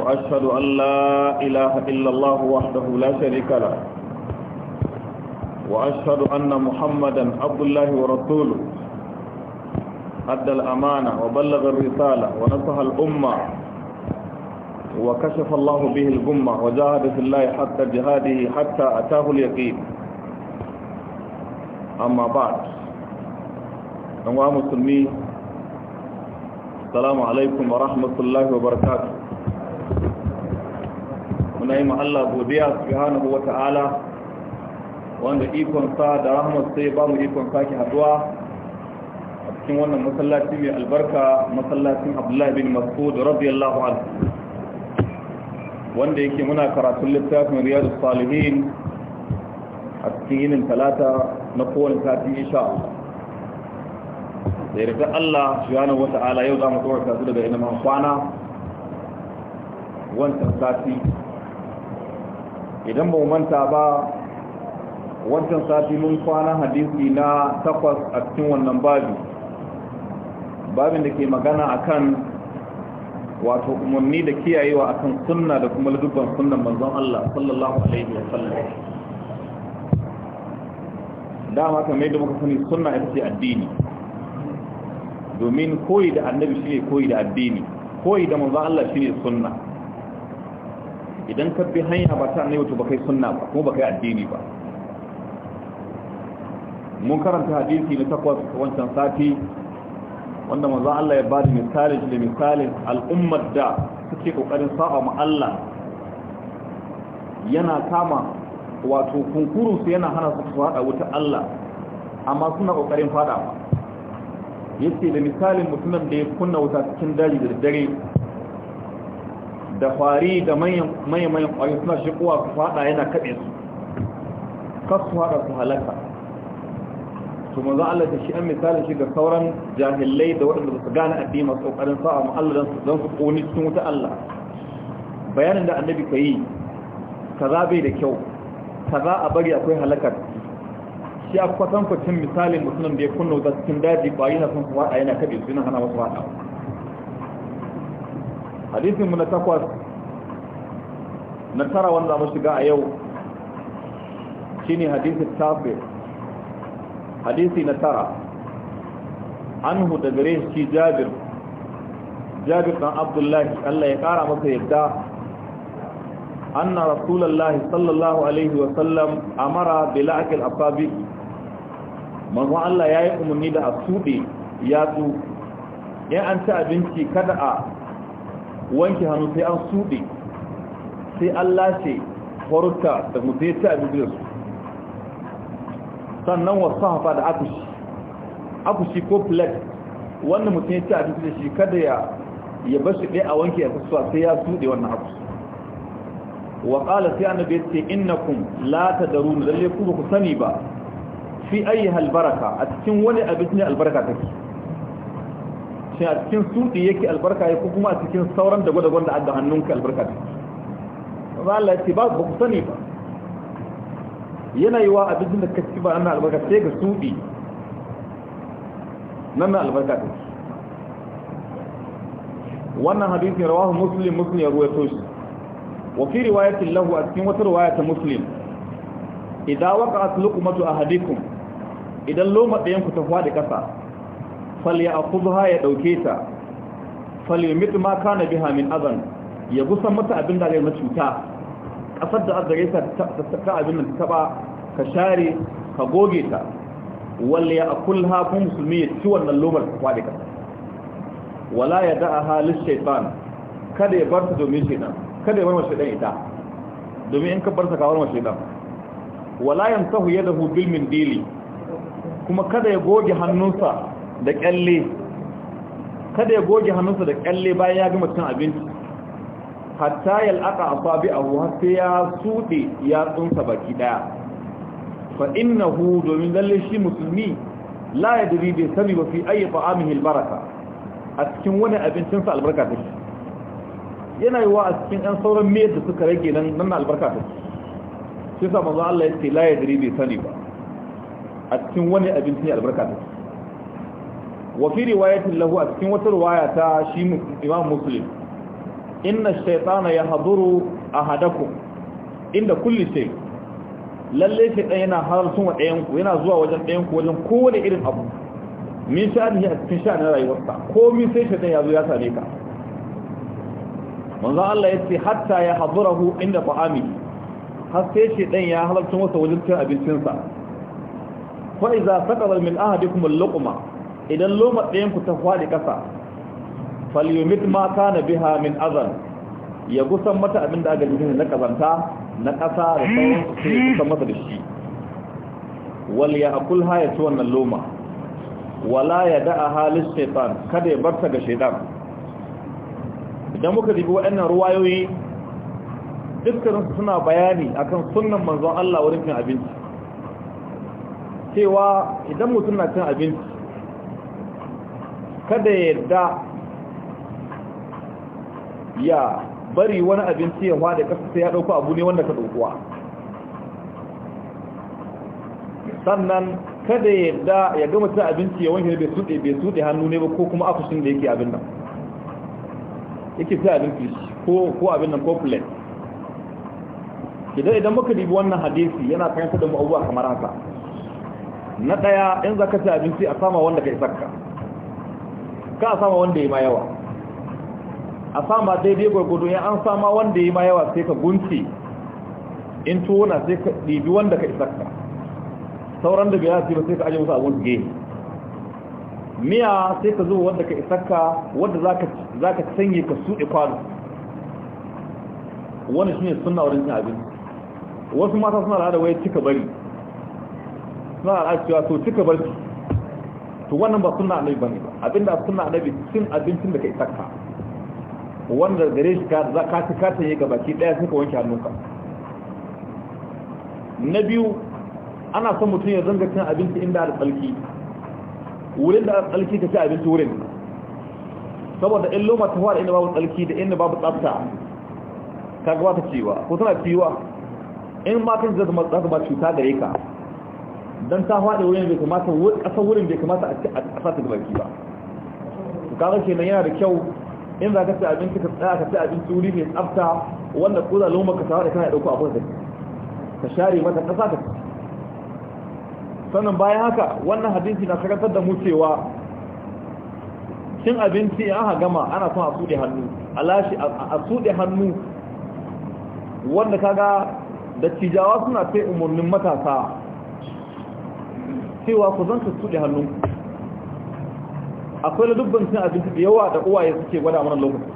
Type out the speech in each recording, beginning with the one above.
وأشهد أن لا إله إلا الله وحده لا شريك له وأشهد أن محمدا عبد الله ورسوله أدى الأمانة وبلغ الرسالة ونصح الأمة وكشف الله به الغمة وجاهد في الله حتى جهاده حتى أتاه اليقين أما بعد أمام مسلمين السلام عليكم ورحمة الله وبركاته na yi Allah godiya subhanahu wa ta'ala wanda ikon sa da rahmat sai ba mu ikon ke haduwa a cikin wannan masallaci mai albarka masallacin Abdullahi bin Mas'ud radiyallahu anhu wanda yake muna karatun littafin Riyadu Salihin a cikin yinin talata na kowane sati insha Allah da yarda Allah subhanahu wata ala yau za mu tsora tasu daga ilimin kwana wancan sati idan ba manta ba wancan sati mun kwana hadisi na takwas a cikin wannan babi babin da ke magana akan wato umarni da kiyayewa akan sunna da kuma dubban sunnan manzon Allah sallallahu alaihi wa sallam dama kamar yadda muka sani sunna ita ce addini domin koyi da annabi shine koyi da addini koyi da manzon Allah shine sunna idan ka bi hanya ba ta annabi to ba kai sunna ba kuma ba kai addini ba mun karanta hadisi na takwas wancan sati wanda manzo Allah ya bada misali da misalin al'ummar da suke kokarin saba ma Allah yana kama wato kunkuru su yana hana su fada wuta Allah amma suna kokarin fada ba yace da misalin mutumin da ya kunna wuta cikin daji da dare da kwari da mayan-mayan kwari suna shigowa su fada yana kaɗe su kasu fada su halaka su maza Allah da shi an misali shi ga sauran jahillai da waɗanda su gane addini masu ƙoƙarin sa'a ma'alladan don su ƙoni cikin wuta Allah bayanin da annabi ka yi za bai da kyau za a bari akwai halakar shi a kwatankwacin misalin musulun da ya kunna wuta cikin daji ba yana son su fada yana kaɗe su yana hana wasu fada hadisin mu na takwas na tara wanda mu shiga a yau shine hadisi tafi hadisi na tara anhu da gare shi jabir jabir dan abdullahi Allah ya kara masa yadda anna rasulullahi sallallahu alaihi wa sallam amara bil akil asabi manzo Allah yayi umarni da ya yatsu in an ci abinci kada a wanke hannu sai an suɗe sai an lashe farauta da mutu ya ci abinci da su sannan wasu hafa da akushi akushi ko plate wanda mutum ya ci abinci da shi kada ya ya bashi ɗaya a wanke ya kasuwa sai ya suɗe wannan akushi wa ƙala sai annabi ya ce lata da tadarun lalle ku ba ku sani ba fi ayi halbaraka a cikin wani abinci ne albarka take shi a cikin sudi yake albarka ya kuma a cikin sauran da gwada da adda hannunka albarka ne ba Allah ya ce ba ku sani ba yana yi wa abin da ka ci ba ana albarka sai ga sudi nan na albarka ne wannan hadisi rawahu muslim muslim ya ruwaito shi wa fi riwayatin lahu a cikin wata riwaya ta muslim idan a waqa'at a hadikun idan loma ɗayan ku ta da kasa falya a akudha ya ɗauke ta falya falyumit ma kana biha min azan, ya gusa mata abin da zai cuta ƙasar da azare ta ta abin da taɓa, ka share ka goge ta wal ya akulha kun musulmi ya ci wannan lomar ta kwade ka wala ya da'aha lis shaytan kada ya bar ta domin shaytan kada ya bar masa shaytan ita domin in ka bar ta ka bar masa shaytan wala da hu bilmin dili, kuma kada ya goge hannunsa da kyalle kada ya goge hannunsa da kyalle bayan ya gama cin abinci hatta yal'aqa asabi'ahu hatta ya sude ya tsunsa baki ɗaya, fa innahu domin lalle shi musulmi la yadri bai sami wa fi ayi ta'amihi albaraka a cikin wani abincinsa sa albarka take yana yiwa a cikin ɗan sauran miyar da suka rage nan nan albarka ce, shi sa manzo Allah ya ce la yadri bai sani ba a cikin wani abincin albarka ce. wa fi riwayatin lahu a cikin wata riwaya ta shi imam muslim inna shaytana yahduru ahadakum inda kulli shay lalle sai dan yana halartun wa ɗayan ku yana zuwa wajen ɗayan ku wajen kowane irin abu min sha'ani a cikin sha'anin rayuwarsa ko min sai shaytan ya zo ya same ka manzo Allah yace hatta ya hadurahu inda fa'ami har sai shi dan ya halartun wasa wajen cin abincinsa fa iza saqala min ahadikum al-luqma idan loma ɗayan ku ta faɗi ƙasa falyumit ma kana biha min azan ya gusan mata abin da aka jikin na kazanta na ƙasa da sauransu sai ya mata da shi wal ya akul ha ci wannan loma wala ya da'a halin shaitan kada ya barta ga shaitan idan muka dubi waɗannan ruwayoyi dukkaninsu suna bayani akan sunnan manzon Allah wurin cin abinci cewa idan mutum na cin abinci kada yadda ya bari wani abinci ya hwa da ƙasa sai ya ɗauko abu ne wanda ka ɗaukuwa sannan kada ya da ya gama ta abinci ya wanke bai tude bai tude hannu ne ba ko kuma afushin da yake abin nan yake ta abinci ko ko abin nan ko plate idan idan muka dibi wannan hadisi yana kan da mu abubuwa kamar haka na daya in zaka ci abinci a sama wanda ka isa ka. ka a sama wanda ya ma yawa a sama daidai gwargwado ya an sama wanda ya ma yawa sai ka gunci in tona sai ka ɗibi wanda ka isakka sauran da biya sai ba sai ka ajiye musu abun gini miya sai ka zuba wanda ka isakka wanda za ka sanye ka suɗe kwano wani shi ne suna wurin cin abinci wasu mata suna da waya cika bari suna da cewa cika bari to wannan ba sunna annabi bane ba abinda sunna annabi sun abincin da kai takka wanda gare shi ka za ka ci katin yi gabaki daya sai ka wanke hannunka na biyu ana son mutum ya zanga cin abinci inda da tsalki wurin da tsalki ka ci abinci wurin saboda in loma ta fara inda babu tsalki da inda babu tsafta ka gabata ciwa ko tana ciwa in ma kan zama cuta gare ka dan ta faɗi wurin bai kamata kasar wurin bai kamata a ƙasa ta gabaki ba kaga kenan yana da kyau in za ka ci abinci ka tsaya ka ci abinci wuri mai tsafta wanda ko zalo maka ta da kana dauko a gurbin ka share mata ƙasa ka sannan bayan haka wannan hadisi na karantar da mu cewa cin abinci in aka gama ana son a suɗe hannu a lashe a suɗe hannu wanda kaga dattijawa suna sai umarnin matasa cewa ku zan su tuɗe hannunku akwai dubban cin abinci da yawa da uwaye suke gwada mana lokaci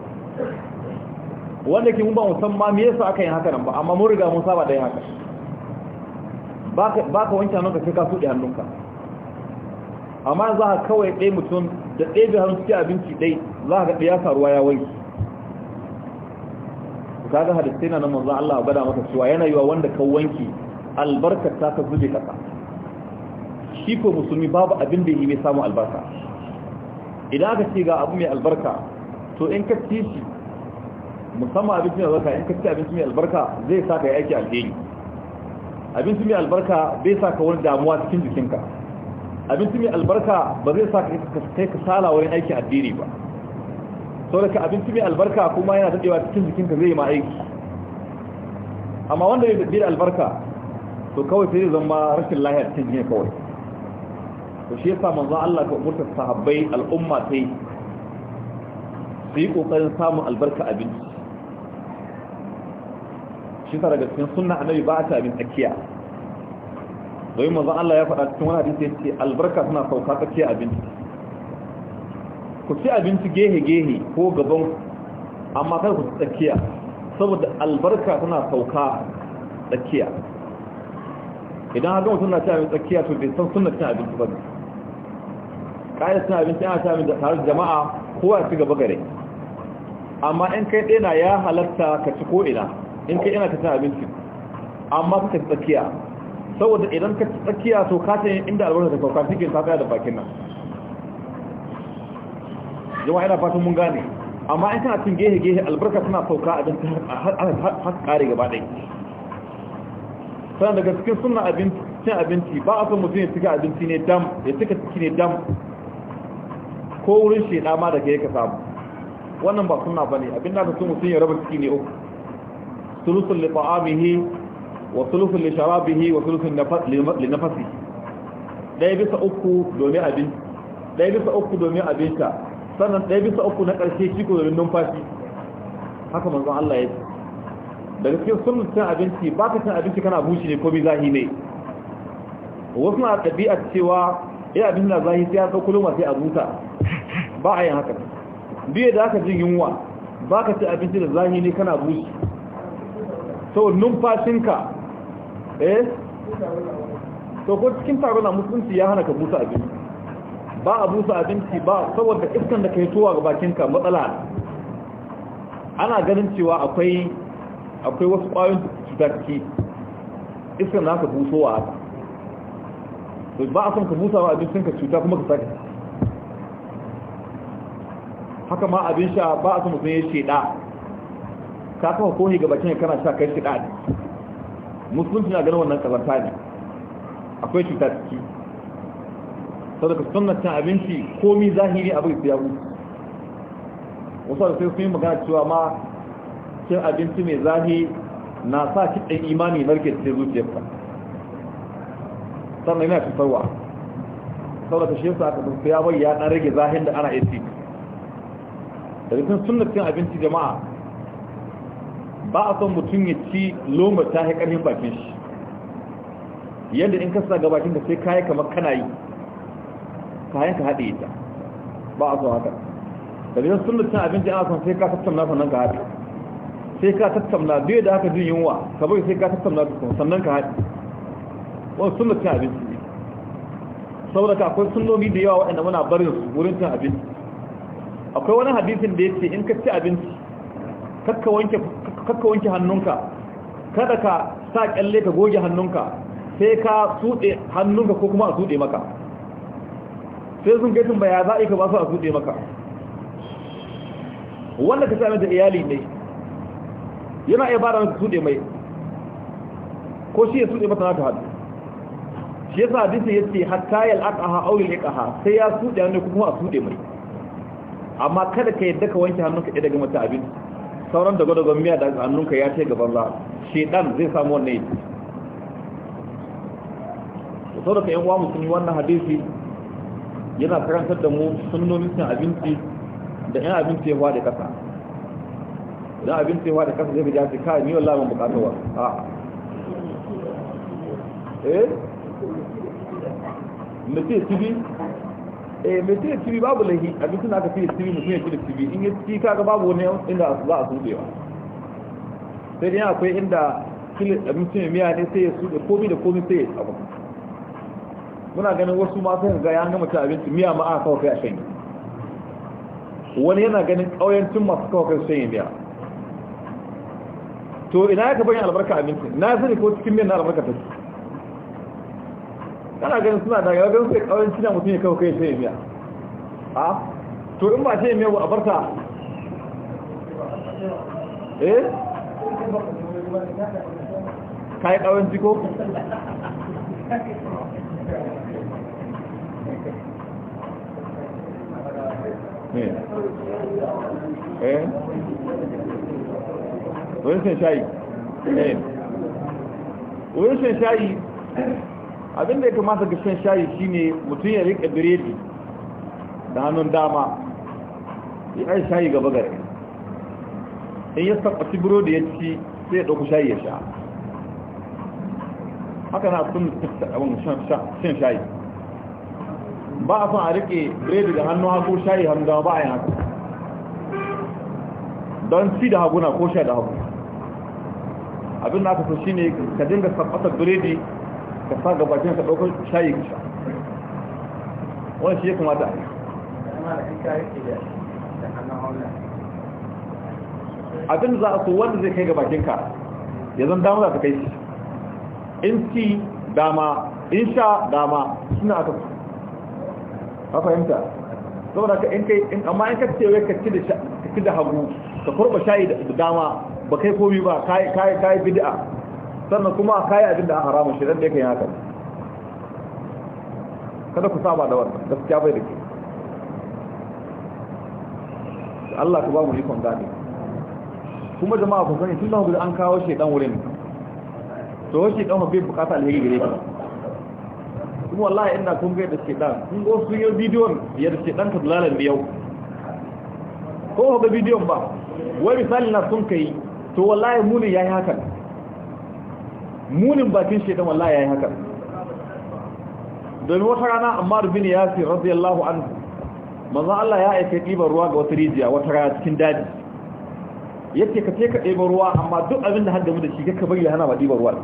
wanda ke mun ba ma me yasa aka yi haka nan ba amma mun riga mun saba da yin haka ba ka wanke hannunka sai ka tuɗe hannunka amma za ka kawai ɗaya mutum da dai da hannun cikin abinci dai za ka ɗaya ya faruwa ya wanki ka ga hadisai na nan manzo Allah ya gwada maka cewa yana yiwa wanda ka wanke albarkar ta ka zube kasa shi ko musulmi babu abin da yi mai samun albarka idan aka ce ga abu mai albarka to in ka ci shi musamman abinci mai albarka in ka ci abinci mai albarka zai sa ka yi aiki alheri abinci mai albarka bai sa ka wani damuwa cikin jikinka abinci mai albarka ba zai sa ka kai ka sala wurin aiki addini ba ka abinci mai albarka kuma yana dadewa cikin jikinka zai yi ma aiki amma wanda bai da albarka to kawai sai zama rashin lahiya cikin jikin kawai to shi yasa manzo Allah ga umurtar sahabbai al'umma sai su yi kokarin samun albarka abinci shi sa daga cikin sunna annabi ba ta abin tsakiya domin manzo Allah ya faɗa cikin wani hadisi yace albarka suna sauka tsakiya abinci ku ci abinci gehe gehe ko gaban amma kar ku ci tsakiya saboda albarka suna sauka tsakiya idan har mutum na ci abin tsakiya to bai san sunna cin abinci ba ne ƙayar suna abinci ana sami da tare jama'a kowa su gaba gare amma in kai ɗina ya halatta ka ci ko'ina in kai ina ka ci abinci amma ka ci tsakiya saboda idan ka ci tsakiya so ka yin inda albarka ta sauka cikin ta tsaya da bakin nan jama'a yana fatan mun gane amma in kana cin gehe-gehe albarka suna sauka a jan har kare gaba ɗai sannan daga cikin suna abinci ba a son mutum ya cika abinci ne dam ya cika ciki ne dam ko wurin sheda ma ke yake samu wannan ba sunna bane abin da so mutum ya raba ciki ne uku sulusul li ta'amihi wa sulusul li sharabihi wa sulusul li nafasi dai bisa uku domin abin dai bisa uku domin abin ka, sannan dai bisa uku na karshe shi ko domin numfashi haka manzon Allah ya ce daga cikin sunan cin abinci ba ka cin abinci kana bushi ne ko bi zahi ne wasu na ɗabi'ar cewa ya eh, abin na zahi sai ya ɗauko ma sai a buta ba a yi haka biye da aka jin yunwa ba ka ci abinci da ne kana bushi so numfashinka eh to ko cikin taron musulunci ya hana ka busa abinci ba a busa abinci ba saboda iskan da ka yi towa ga bakinka matsala ana ganin cewa akwai akwai wasu ƙwayoyin cutarki iskan da aka busowa ba a son ka busa wa abincinka cuta kuma ka sake haka ma abin sha ba a samu ya ce da ta kawo kohi ga bakin kana sha kai da ne musulunci na ganin wannan kazanta ne akwai cuta ciki da kasu cin abinci komi zahiri abin su ya wuce wasu da sai sun yi magana cewa ma cin abinci mai zahiri na sa kiɗin imani narke cikin zuciyarka sannan yana cutarwa ta shi yasa aka sun ya bai ya ɗan rage zahin da ana isi daga cikin cin abinci jama'a ba a son mutum ya ci loma ta haƙarfin bakin shi yadda in kasa ga bakin ka sai kayi kamar kana yi kayan ka haɗe ita, ba a son haka daga cikin cin abinci ana son sai ka tattauna sannan ka haɗe sai ka tattauna bai da haka jin yunwa ka bai sai ka tattauna sannan ka haɗe wani cin abinci saboda ka akwai sunnomi da yawa waɗanda muna barin su wurin cin abinci akwai wani hadisin da ce in ka ci abinci kakka wanke kakka wanke hannunka kada ka sa kyalle ka goge hannunka sai ka tsude hannunka ko kuma a tsude maka sai sun gaitun ba ya za'i ka ba su a tsude maka wanda ka sami da iyali ne yana iya bada maka tsude mai ko shi ya tsude mata naka hadu shi sa hadisi yace hatta yal aqaha aw yal iqaha sai ya tsude ne ko kuma a tsude mai amma kada ka yadda ka wanke hannunka ɗaya daga mata abinci sauran da gwada miya da hannunka ya ce gaban za shaidan zai samu wannan yi da sau da ka yan wamu sun yi wannan hadisi yana karantar da mu sunnomin cin abinci da yan abinci ya da ƙasa idan abinci ya da ƙasa zai gaja ce ni wallahi ban bukatawa a eh mutum tibi eh mai cire cibi babu lahi duk da aka cire cibi mutum ya cire cibi in ya ci kaga babu wani inda za a sudewa sai dai akwai inda da abincin ya miya ne sai ya sude komi da komi sai ya tsaba muna ganin wasu ma sai ga ya gama cin abinci miya ma aka kawo kai a shanye wani yana ganin ƙauyancin masu kawo kai shanye miya to ina ya ka bayan albarka abinci? na sani ko cikin miyan na albarka ta? kana ganin suna da ga ganin sai kawai cina mutum ya kawo kai sai ya biya a to in ba ce mai a barta eh kai kawai jiko eh, eh? wani sun shayi eh wani sun shayi abin da ya kamata ga shan shayi shine mutum ya rika biredi da hannun dama ya yi shayi gaba gare in ya sabbaci burodi ya ci sai ya ɗauku shayi ya sha haka na sun abin shan shayi ba a son a rike biredi da hannun hagu shayi hannun dama ba a yi haka don ci da haguna ko sha da haguna abin da aka so shine ka dinga sabbatar biredi ka sa ga bakin ka dokar shayi ka sha wani shi ya kamata abin da za a so wanda zai kai ga bakin ka ya zan dama za ta kai shi in ci dama in sha dama suna aka su ka fahimta saboda ka in kai in amma in ka ce wai ka ci da hagu ka kurba shayi da dama ba kai komi ba kai kai kai bid'a sannan kuma a kayi abin da haramun shi dan da yake yi haka kada ku saba da wannan gaskiya bai da ke Allah ku ba mu ikon gani kuma jama'a ku sani tun da an kawo shi dan wurin to shi shedan bai bukata alheri gare ki kuma wallahi ina kun ga da shedan kun go su yi bidiyon ya da shedan ka dalalan yau ko ga bidiyon ba wai misali na sun kai to wallahi mu ne yayi hakan munin bakin shaitan wallahi yayi haka Don wata rana Ammar bin Yasir radiyallahu anhu manzo Allah ya aika ɗiban ruwa ga wata rijiya wata rana cikin daji yace ka ce ka ɗiban ruwa amma duk abin da mu da shi kaka bari hana ba ɗiban ruwa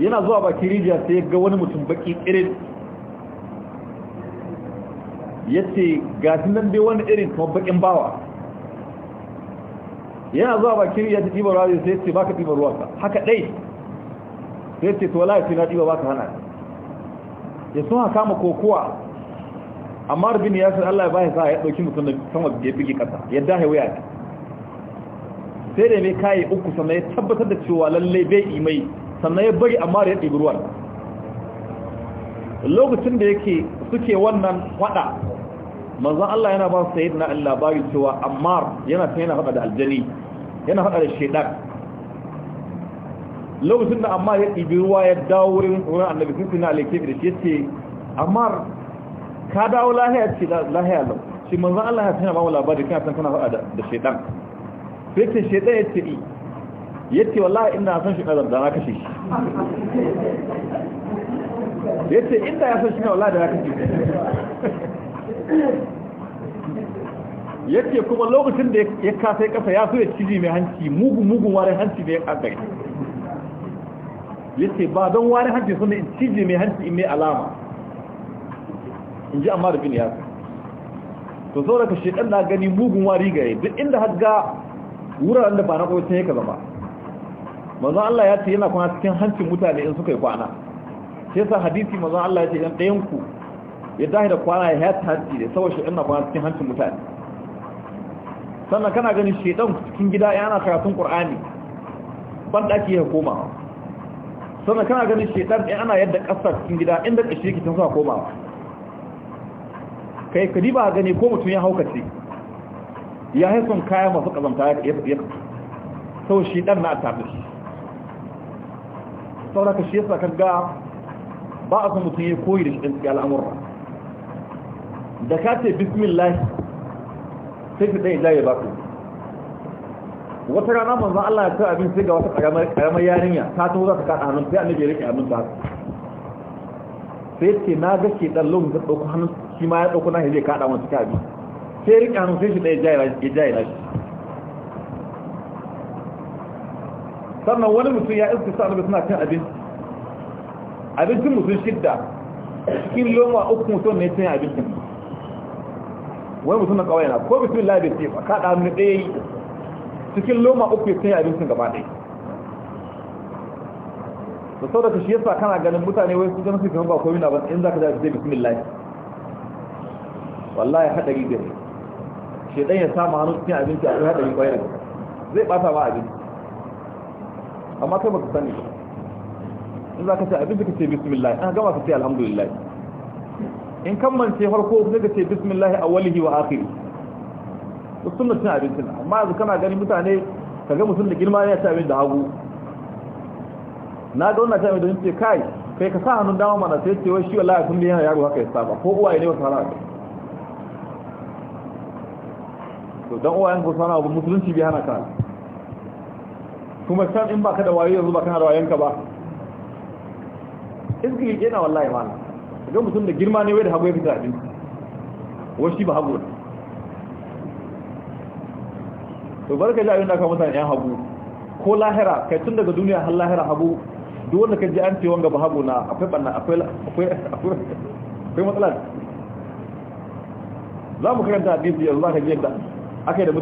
yana zuwa bakin rijiya sai ga wani mutum baki irin yace ga nan bai wani irin kuma bakin bawa yana zuwa bakin ya ta ɗiba ruwa sai ce baka ɗiba ruwa haka ɗai sai ce tuwala ya ce na ɗiba baka hana ya sun kama kokowa amma rubin ya san Allah ya bashi sa ya ɗauki mutum da sama ya bige ƙasa ya dahe wuya ne sai da mai kayi uku sannan ya tabbatar da cewa lallai bai imai sannan ya bari amma ya ɗibi ruwan lokacin da yake suke wannan faɗa manzon Allah yana ba su sayyidina Allah labari cewa Ammar yana ta hada da aljani yana hada da shedan lokacin da Ammar ya ɗibi ruwa ya dawo wurin wurin Annabi sun sina alaihi da shi yace Ammar ka dawo lahiya ce lahiya lau shi manzon Allah ya tana ba mu labari kana san kana hada da shedan sai ce shedan ya ce yace wallahi ina san shi nazar da na kashe shi yace inda ya san shi wallahi da na kashe shi yake kuma lokacin da ya kasai kasa ya so ya mai hanci mugun mugun warin hanci da ya kagai yace ba don warin hanci suna in mai hanci in mai alama in ji amma da bin yasa to sau daga shekar na gani mugun wari gare duk inda ga wuraren da ba na sun ya ka zama mazan Allah ya ce yana kuma cikin hancin mutane in suka yi kwana sai sa hadisi mazan Allah ya ce yan ɗayanku ya tahi da kwana ya hata hanci da saboda shi ina kwana cikin hancin mutane sannan kana ganin shaidan cikin gida ya ana karatun qur'ani ban daki ya koma sannan kana ganin shaidan ya ana yadda ƙasar cikin gida inda kashi yake tun sa koma kai kadi ba gani ko mutum ya haukace ya yi kaya masu ƙazanta ya ya sau shi ɗan na tafi shi saboda ka shi yasa kan ga ba a san mutum ya koyi da shi ɗin al'amurra da ka ce bismillah sai ka ɗaya jaye ba ku wata rana manzan Allah ya ce abin sai ga wata ƙaramar yarinya ta taho za ta kaɗa hannun sai annabi ya rike hannun ta sai ce na ga ke ɗan lokacin ta ɗauko hannun shi ma ya ɗauko na zai kaɗa wani cikin abin sai rike hannun sai shi ɗaya jaye ya shi sannan wani mutum ya iske sa annabi suna cin abinci abincin mutum shidda cikin loma uku mutum ne cin abincin wai mutum na kawai na ko bismillah bai ce ba ka da mun ɗaya cikin loma uku ya sanya abincin gaba ɗaya da sau da shi yasa kana ganin mutane wai su ganin su gaba ko yana ban in za ka zai bismillah wallahi haɗari shi ɗan ya samu hannu cikin abinci a haɗari kwayar zai ɓata ma abinci amma kai ba ka sani ba in za ka ce abinci ka ce bismillah an gama ka ce alhamdulillah in kammance farko sai ka ce bismillah awwalihi wa akhiri to sunna cin abincin amma yanzu kana gani mutane kaga mutum da girma ya ci abin da hagu na ga wannan jami'a don ce kai kai ka sa hannun dama mana sai ce wai shi wallahi kun biya yaro haka ya saba ko uwaye ne wata hana to dan uwayen ku sana abu musulunci bai hana ka kuma san in baka da wayo yanzu baka da wayon ba. ba izgili yana wallahi mana don mutum da girma ne wai da hagu ya fita abinci wai shi ba hagu ne to barka ji abin da aka mutane yan hagu ko lahira kai tun daga duniya har lahira hagu duk wanda ka ji an ce wanga ba hagu na akwai banna akwai akwai matsala za mu karanta hadisi yanzu za ka ji yadda aka yi da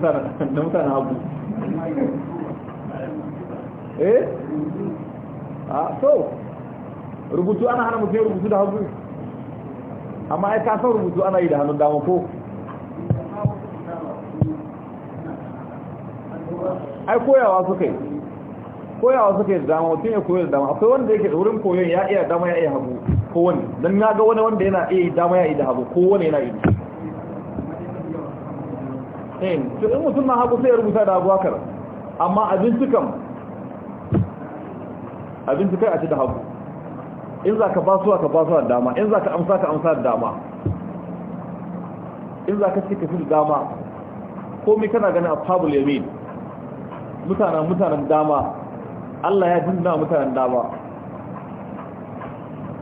mutane hagu eh a ah, so rubutu ana hana mutum rubutu da hagu amma ai ka san rubutu ana yi da hannun dama ko ai koyawa suka yi koyawa suka yi da dama mutum ya koyar da dama akwai wanda yake wurin koyon ya iya dama ya iya hagu ko wani don na ga wani wanda yana iya dama ya iya hagu ko wani yana iya eh, in mutum na hagu sai ya rubuta da hagu hakar amma abinci kam abinci kai a ci da hagu in za ka basuwa ka basuwa da dama in za ka amsa ka amsa da dama in za ka cika fi da dama komai kana ganin ashabul yamin mutanen mutanen dama Allah ya dinna mutanen dama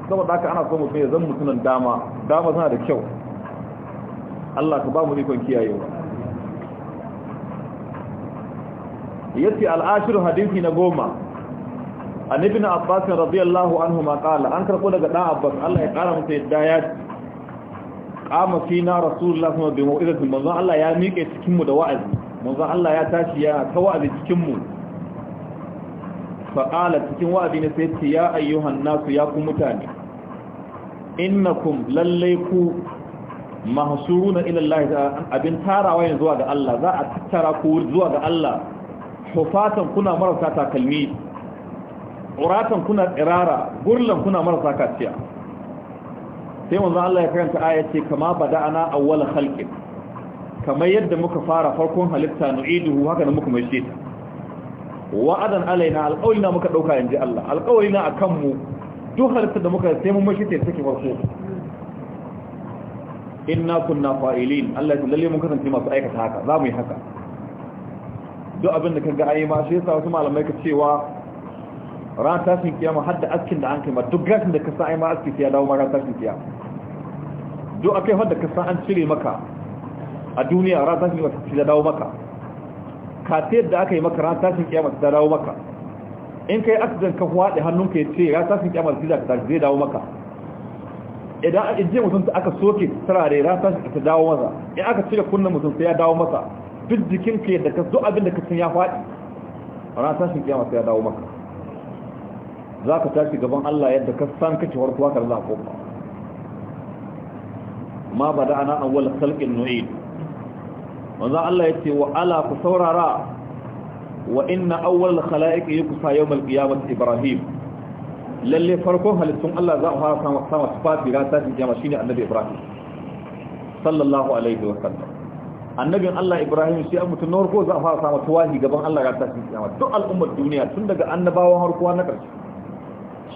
saboda haka ana so mutum ya zan mutumin dama dama suna da kyau Allah ka ba mu rikon kiyayewa yace al-ashir hadisi na goma an ibn abbas radiyallahu anhu ma qala an karko daga dan abbas Allah ya kara masa yadda ya qama fina rasulullah sallallahu alaihi wasallam bi manzo Allah ya miƙe cikin mu da wa'azi manzo Allah ya tashi ya ta wa'azi cikin mu fa qala cikin wa'azi ne sai ce ya ayyuhan nasu ya ku mutane innakum lallaiku mahsuruna ila Allah abin tarawa ne zuwa ga Allah za a tattara ku zuwa ga Allah hufatan kuna marasa takalmi uratan kuna tsirara gurlan kuna marasa kaciya sai wanzu Allah ya karanta aya ce kama da'ana a wala khalqin kamar yadda muka fara farkon halitta na iduhu haka da muka mai ta wa'adan alaina alqawlina muka ɗauka dauka inji Allah alqawlina a kanmu duk halitta da muka sai mun mai ta take farko In na kunna fa'ilin Allah ya lalle mun kasance masu aikata haka za mu yi haka duk abin da ka ga ayi ma shi yasa wasu malamai ka cewa ran tashin kiyama har da askin da an kai ma duk gashin da ka san ai ma aski sai ya dawo ma ran tashin kiyama duk akai wanda ka san an cire maka a duniya ran tashin kiyama sai ya dawo maka katiyar da aka yi maka ran tashin kiyama sai ya dawo maka in kai accident ka hwaɗe hannunka ya ce ran tashin kiyama sai ya zai dawo maka idan a ji mutum ta aka soke turare ran tashin ta dawo masa in aka cire kunnen mutum sai ya dawo masa duk jikinka yadda ka zo abin da ka san ya faɗi ran tashin kiyama sai ya dawo maka za ka tashi gaban Allah yadda ka san kace warkuwa ka za ko ma ba da ana awwal khalqin nu'id wanda Allah yace wa ala ku saurara wa inna awwal khalaiq yuksa yawm al-qiyamah ibrahim lalle farkon halittun Allah za a fara sama sama sifati ga tashi jama shine annabi ibrahim sallallahu alaihi wa sallam annabin Allah ibrahim shi an mutun farko za a fara sama tuwahi gaban Allah ga tashi jama duk al'ummar duniya tun daga annabawan harkuwa na karshe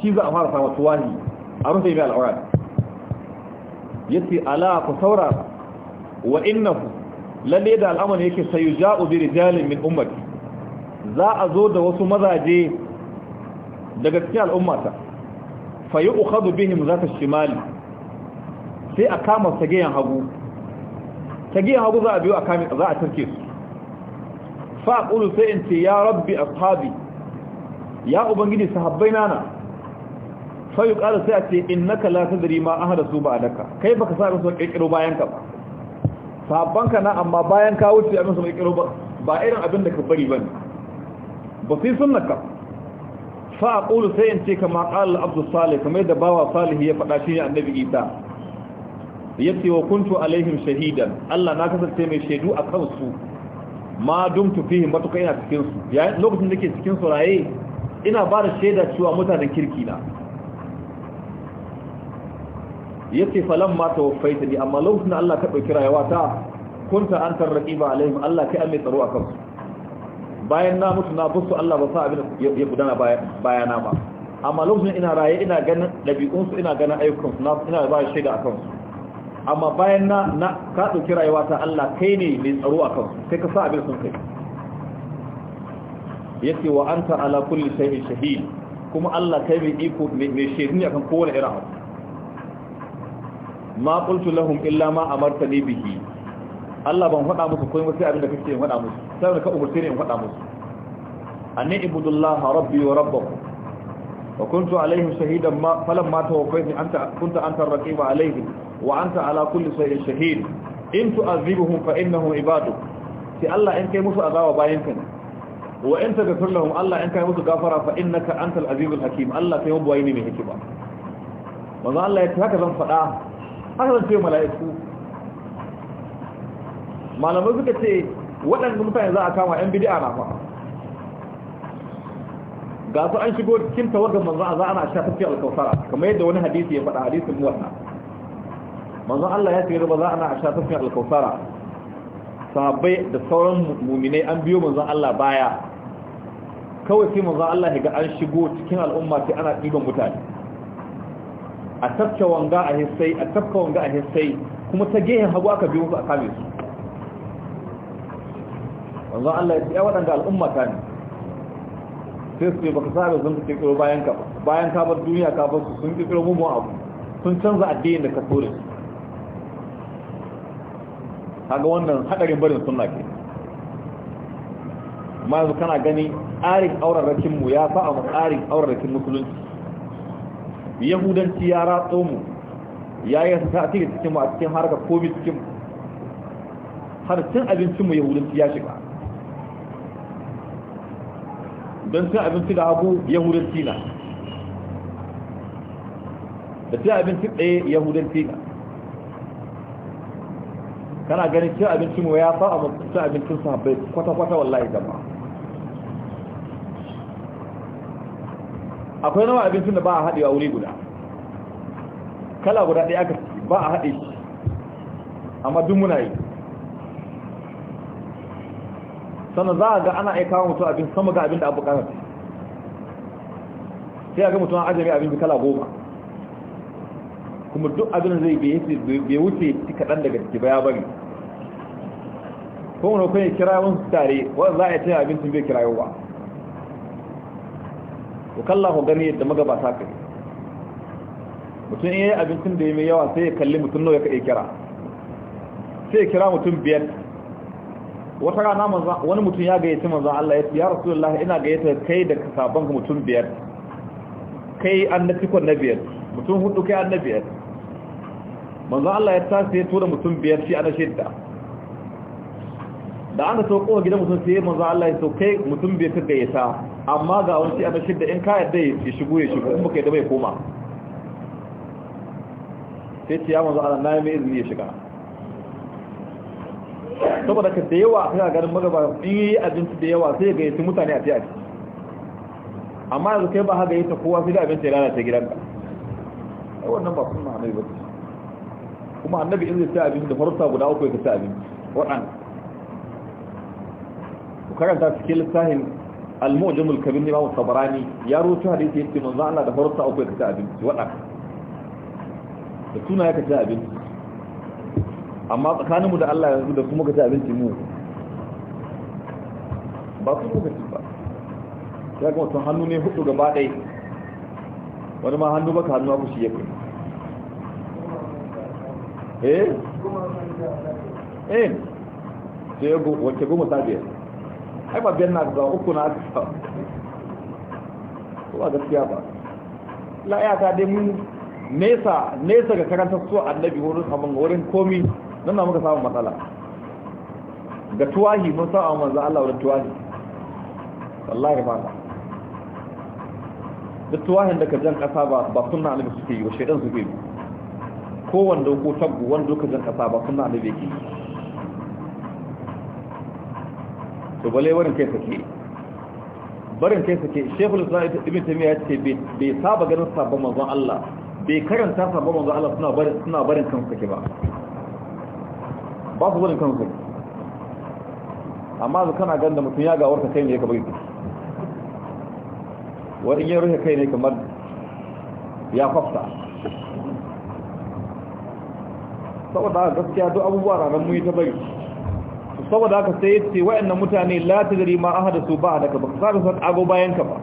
shi za a fara samu tuwahi a rufe mai Ya ce, ala ku saura wa innahu lalle da al'amari yake sayu ja'u bi rijalin min umar. za a zo da wasu mazaje daga cikin al'ummata fa yu'khadhu bihim zata shimali sai a kama sagiyan hagu sagiyan hagu za a biyo a kame za a tarke su fa aqulu sai in ce ya rabbi ashabi ya ubangiji sahabbai nana sai ƙara sai a ce in naka latadari ma an hada su ba a daka kai baka sa su ƙirƙiro bayan ka ba sahabbanka na amma bayan ka wuce a musu ƙirƙiro ba ba irin abin da ka bari ba ne ba sai sunnaka fa a sai in ce kama ƙalar abdu salih kamar da bawa salihu ya faɗa shi ne annabi isa ya wa kuntu alaihim shahidan allah na kasance mai shaidu a kansu ma dumtu fihi matuƙa ina cikinsu lokacin da ke cikin su raye ina ba da shaida cewa mutanen kirki na yace ta ne amma lokacin Allah ka ɗauki rayuwa ta kunta an antar raqiba alaihim Allah kai amme tsaro a kansu bayan na mutu na busu Allah ba sa abin ya gudana bayana ba amma lokacin ina raye ina ganin ɗabi'unsu ina ganin ayyukan su ina ba shaida akan su amma bayan na na ka rayuwa ta Allah kai ne mai tsaro a kansu kai ka sa abin sun kai yace wa anta ala kulli shay'in shahid kuma Allah kai mai iko mai shaidu akan kowane irin abu ma qultu lahum illa ma amartani bihi Allah ban faɗa musu koyi sai abin da kake faɗa musu sai da ka umurce ne in faɗa musu anni ibudullaha rabbi wa rabbakum wa kuntu alaihim shahidan ma falamma tawaffaytani anta kunta anta ar-raqiba alaihim wa anta ala kulli shay'in shahid in tu'azibuhum fa innahum ibaduk sai Allah in kai musu azawa bayan ka wa in taghfir lahum Allah in kai musu gafara fa innaka antal azizul hakim Allah kai mabuwayi ne mai hikima manzo Allah ya ta haka zan faɗa haka zan mala'iku malamai suka ce waɗanda mutane za a kama 'yan bidi'a na fa ga su an shigo cikin tawagar manzo a za ana sha tafiya alkausara kamar yadda wani hadisi ya faɗa hadisin wata manzo Allah ya tsira ba za ana sha tafiya alkausara sahabbai da sauran muminai an biyo manzo Allah baya kawai sai manzo Allah ya ga an shigo cikin al'umma sai ana ɗiban mutane a tafka wanga a hissai a tafka wanga a hissai kuma ta gehen hagu aka biyo su a kame su wanzan Allah ya tsaye waɗanda al'umma ta ne sai su yi baka sabe sun ta kirkiro bayan ka bayan ka bar duniya ka bar su sun kirkiro mummun abu sun canza addinin da ka so su haga wannan hadarin barin sunna ke ma yanzu kana gani tsarin auren mu ya fa'a mu tsarin rakin musulunci yahudanci ya ratso mu ya yi ta a cikin cikinmu a cikin harkar covid cikin har cin abincin mu yahudanci ya shiga don cin abinci da abu yahudanci na da cin abinci ɗaya yahudanci na kana ganin cin abincinmu mu ya sa a cin abincin sahabbai kwata-kwata wallahi gaba akwai nawa abincin da ba a a wuri guda kala guda ɗaya aka ba a haɗe shi amma duk muna yi sannan za a ga ana aika wa mutum abin sama ga abin da abu ƙarar sai a ga mutum ajami abin kala goma kuma duk abin zai bai wuce ci kaɗan daga ciki baya bari ko wani kwanye kirayen su tare wanda za a yi abincin bai kirayen ba to kalla ku gani yadda magabata ka yi mutum iya abincin da ya mai yawa sai ya kalli mutum nawa ya kira sai ya kira mutum biyar wata rana wani mutum ya gayyaci manzan Allah ya ya rasulullahi ina gayyata kai da sabon mutum biyar kai an na cikon na biyar mutum hudu kai an na biyar manzan Allah ya tashi ya tura mutum biyar shi ana shidda da an so kowa gidan mutum sai manzo Allah ya kai mutum bai ta gayyata amma ga wani a bashin da in ka yadda ya shigo ya shigo in baka yadda bai koma sai ce ya manzo Allah na yi mai izini ya shiga saboda ka da yawa kana ganin magaba in yi abinci da yawa sai ga yasu mutane a tiyaki amma yanzu kai ba haka yi ta kowa sai da abinci ya lalata gidanka ai wannan ba kuma annabi ba kuma annabi in zai ci abinci da farsa guda uku ya ci abinci waɗanda karanta cikin littafin al-mu'jamul kabir ne babu tabarani ya rutu hadisi yace manzo Allah da farsa akwai kace abinci wada da tuna ya kace abinci amma tsakaninmu da Allah yanzu da kuma kace abinci mu ba su kuka ci ba ya ga sun hannu ne hudu gaba ɗai wani ma hannu baka hannu abu shi ya kai eh eh sai ya wace goma sa biyar ai ba biyan na ga uku na aka ko ba gaskiya ba la'aya ta dai mun nesa nesa ga karantar su annabi wurin abin wurin komi nan na muka samu matsala ga tuwahi mun samu manzo Allah wurin tuwahi wallahi ba da tuwahin da ka jan kasa ba ba na annabi suke yi ba shedan ke yi ko wanda ko tabbu wanda ka jan kasa ba na annabi yake yi to bale barin kai sake barin kai sake al-sa'id ibn tamiya ya ce bai saba ganin sabon manzon Allah bai karanta sabon manzon Allah suna barin suna barin kan sake ba ba su barin kan sake amma zu kana ganin da mutum ya ga warka kai ne ka bari wani yin rufe kai ne kamar ya kwafta saboda gaskiya duk abubuwa ranar mun yi ta bari saboda haka sai ya ce wa'annan mutane la tajri ma ahadasu ba'daka ba ka san ago bayan ka ba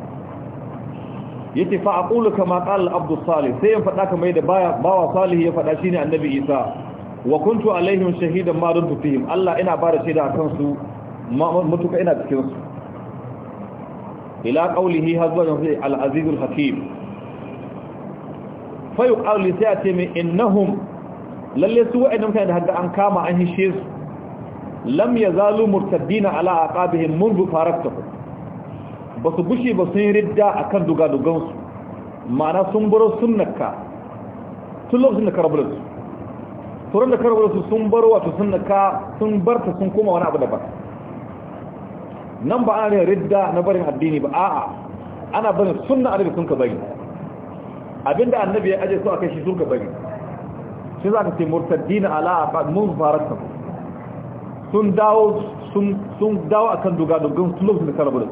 yace fa aqulu kama qala al-abdu salih sai ya fada kamar da baya bawa salih ya fada shine annabi isa wa kuntu alaihim shahidan ma dumtu fihim Allah ina ba da shaida akan su mutuka ina cikin su ila qawlihi hazwa al-aziz al-hakim fa yuqalu sai a ce min innahum lalle su wa'annan mutane da hadda an kama an hishe su lam zalu murtaddina ala aqabihim mundu faraktahu basu bushe ba sun ridda akan duga dugan su ma'ana sun baro sunnaka tun lokacin da karabar su turan da karabar su sun baro wato sunnaka sun barta sun koma wani abu daban nan ba ana ridda na barin addini ba a'a ana barin sunna annabi sun ka bari abinda annabi ya aje su akai shi sun ka bari shi za ka ce murtaddina ala aqab mundu faraktahu sun dawo sun dawo akan dugadugun sun da ka rabu da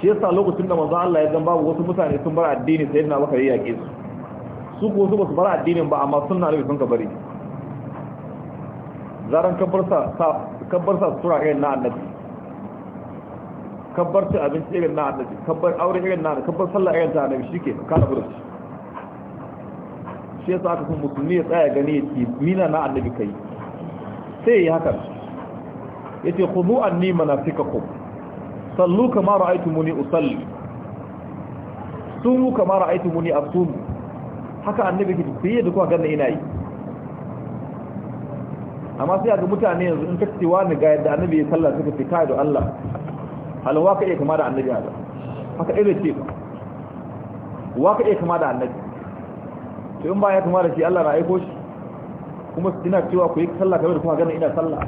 shi yasa lokacin da manzo Allah ya zan babu wasu mutane sun bar addini sai na baka yake su su ko su basu bar addinin ba amma sunna ne sun ka bari zaran kabbar sa kabbar sa sura irin na annabi kabbar ta abinci irin na annabi kabbar aure irin na annabi kabbar sallah irin ta annabi shike ke rabu da shi yasa aka san musulmi ya tsaya gani ya ce mina na annabi kai sai yi hakan yace khudu anni manasikakum sallu kama ra'aytumuni usalli sumu kama ra'aytumuni asum haka annabi ke tafiye da kuka ganna ina yi amma sai ga mutane yanzu in kace wani ga yadda annabi ya salla suka ce kai da Allah halawa ka iya kama da annabi haka haka irin ce wa ka iya kama da annabi to in ba ya kama da shi Allah na aiko shi kuma ina cewa ku yi sallah kamar da kuma ganin ina sallah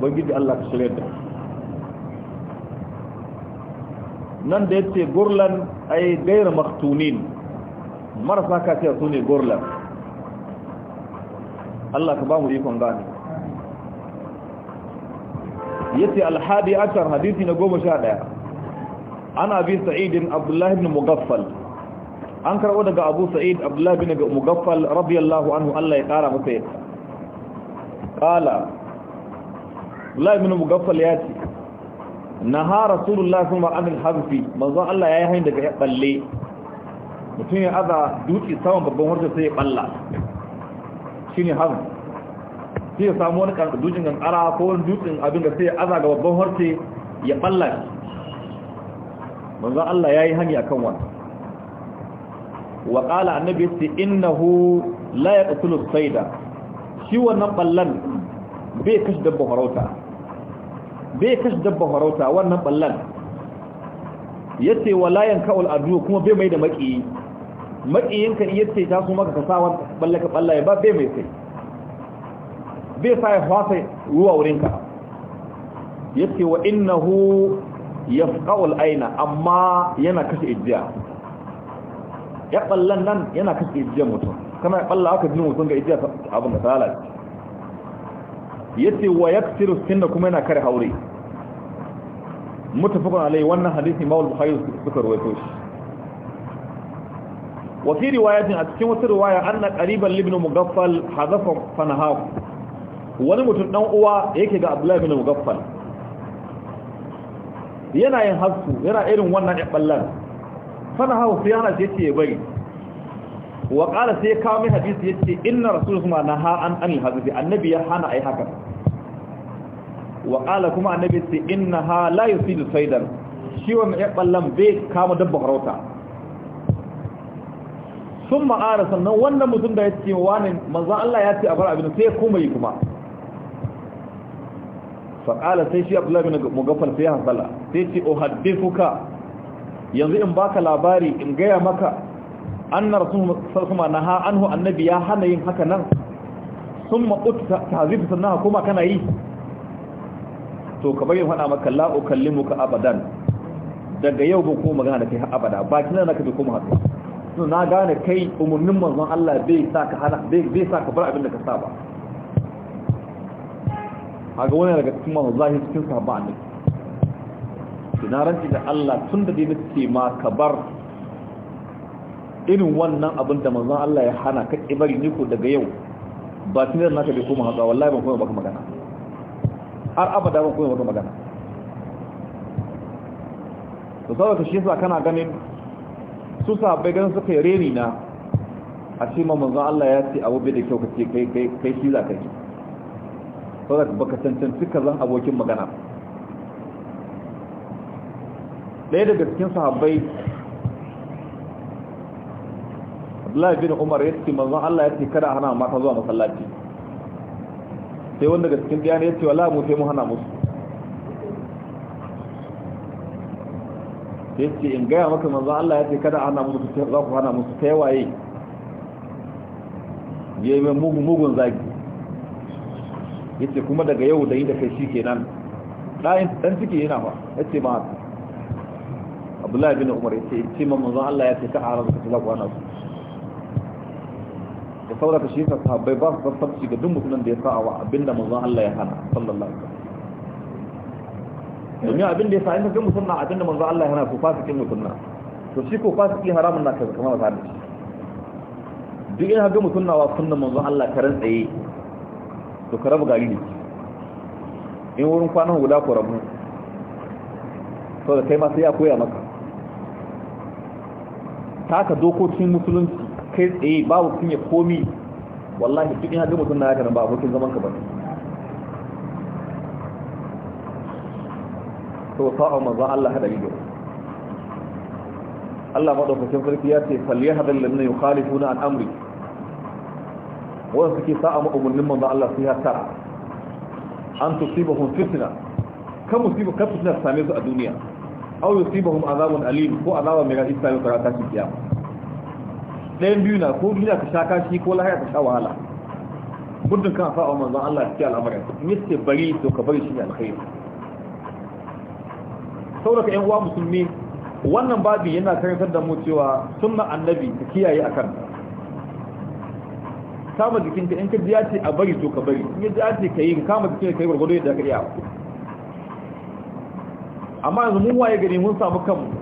bangiji Allah ka shirya da nan da yace gurlan ay gair maktunin marasa ka ce su ne gurlan Allah ka ba mu ikon gane yace alhadi ashar hadisi na 11 ana bi sa'idin abdullah ibn mughaffal an karɓo daga abu sa'id abdullahi bin mugaffal radiyallahu anhu Allah ya ƙara masa yadda ƙala abdullahi bin mugaffal ya ce na ha rasulullah sun ma'amin harfi manzon Allah ya yi hanyar daga ya ɓalle mutum ya aza dutse saman babban harshe sai ya ɓalla shi ne harfi sai ya samu wani dukin ƙanƙara ko wani dutsen abin da sai ya aza ga babban harshe ya ɓalla shi manzon Allah ya yi hanyar kan wani wa qala annabi ce innahu la yaqtulu sayda shi wannan ballan bai kashi dabba farauta bai kashi dabba farauta wannan ballan yace wala yanka'ul adu kuma bai mai da maki makiyinka yace ta so maka kasawan ballaka ballaye ba bai mai sai bai sa ya fasa ruwa wurinka yace wa innahu yafqa'ul aina amma yana kashe ijiya ya ballan nan yana kashe ijiyar mutum kana ya ɓalla aka jinin mutum ga ijiyar abin da tsala ya ce wa ya tsiru sinna kuma yana kare haure mutafakon alai wannan hadisi mawul bukhari suka ruwaito shi wa fi riwayatin a cikin wata riwaya anna qariban libnu mugaffal hadafa fanaha wani mutum ɗan uwa yake ga abdullahi ibn mugaffal yana yin hasu yana irin wannan ya ballan fana hawa su ce ya wa ƙara sai ya kawo mai hadisi ya ce ina na ha an anil hadisi annabi ya hana a yi haka wa ƙala kuma annabi ce ina ha la yi su shi wannan ya ɓallon bai kama dabba farauta sun ma'ara sannan wannan mutum da ya ce wani manzan Allah ya ce a bar abin sai ya koma yi kuma faƙala sai shi abdullahi bin mugafal sai ya hasala sai ce o haddifuka yanzu in baka labari in gaya maka annar kuma naha anhu annabi ya hana yin haka nan sun ta tazifu sannan kuma kana yi to kamar yin faɗa maka la'o kallimu ka abadan daga yau ba kuma magana da kai abada ba kina na ka kuma haka sun na gane kai umarnin manzon Allah bai sa ka hana bai sa ka bar abin da ka saba haka wani daga cikin mahu zahir cikin sabon annabi na ranci da Allah tun da dai nake ma ka bar irin wannan abin da manzon Allah ya hana ka kibari ni ko daga yau ba tunar naka bai koma haka wallahi ban koma baka magana har abada ban koma baka magana to saboda shi yasa kana ganin su sabai ganin suka yi reni na a ce ma manzon Allah ya ce abu bai da kyau ka ce kai kai kai shi za ka yi saboda baka ka kazan abokin magana ɗaya daga cikin sahabbai Abdullahi bin Umar ya ce manzon Allah ya ce kada hana mata zuwa masallaci sai wanda daga cikin diyana ya ce wala mu sai mu hana musu sai ce in gaya maka manzon Allah ya ce kada hana musu sai za ku hana musu yawaye ya yi mai mugun zagi yace kuma daga yau da yi da kai shikenan dan ɗan ciki yana ya yace ba haka abdullahi bin umar ya ce man manzo Allah ya ce ka arab da lagu ana su da saurata shi yasa sahabbai ba su tsabtaci ga duk mutumin da ya sa wa abinda manzo Allah ya hana sallallahu alaihi wasallam domin abinda ya sa in ka mutum na abinda manzo Allah ya hana ku fasikin mutum na to shi ko fasiki haramun na ka kamar ba ta duk in haga mutum na wa sunnan manzo Allah karan tsaye to ka rabu gari ne in wurin kwanan guda ku rabu sau da kai ma sai ya koya maka ta haka dokokin musulunci kai tsaye babu kun ya komi wallahi duk ina ga mutum na haka ba abokin zaman ka ba ne. to sa'a manzon Allah haɗa ido Allah madaukakin sarki ya ce falyahdal ladina yukhalifuna an al'amri. wanda suke sa'a ma'umunnin manzon Allah su ya tara an ba tusibahum fitina kan musibu kan fitna same su a duniya aw yusibahum azabun alim ko azaba mai ra'isa sai karata ta kiyama dan biyu na ko duniya ka sha kashi ko lahiya ka sha wahala gudun kan fa'a manzon Allah cikin al'amari yace bari to ka bari shi ne alkhairi saboda ƴan uwa musulmi wannan babi yana karantar da mu cewa sunna annabi ka kiyaye akan kama jikinka in ka ji ya ce a bari to ka bari in ya ji ya ce ka yi kama jikin ka yi gwargwado yadda ka iya amma yanzu mun waye gari mun samu kanmu